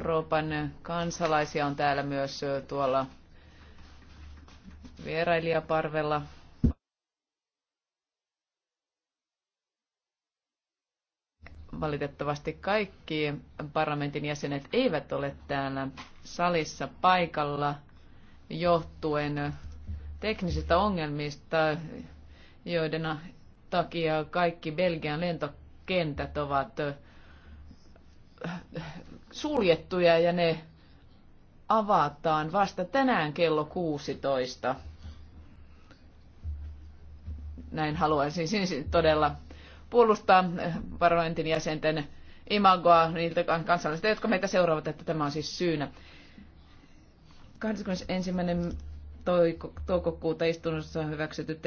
Euroopan kansalaisia on täällä myös tuolla vierailijaparvella. Valitettavasti kaikki parlamentin jäsenet eivät ole täällä salissa paikalla johtuen teknisistä ongelmista, joiden takia kaikki Belgian lentokentät ovat suljettuja ja ne avataan vasta tänään kello 16. Näin haluaisin siis todella puolustaa eh, parlamentin jäsenten imagoa niiltä kansalaisilta, jotka meitä seuraavat, että tämä on siis syynä. 21. toukokuuta istunnossa hyväksytty.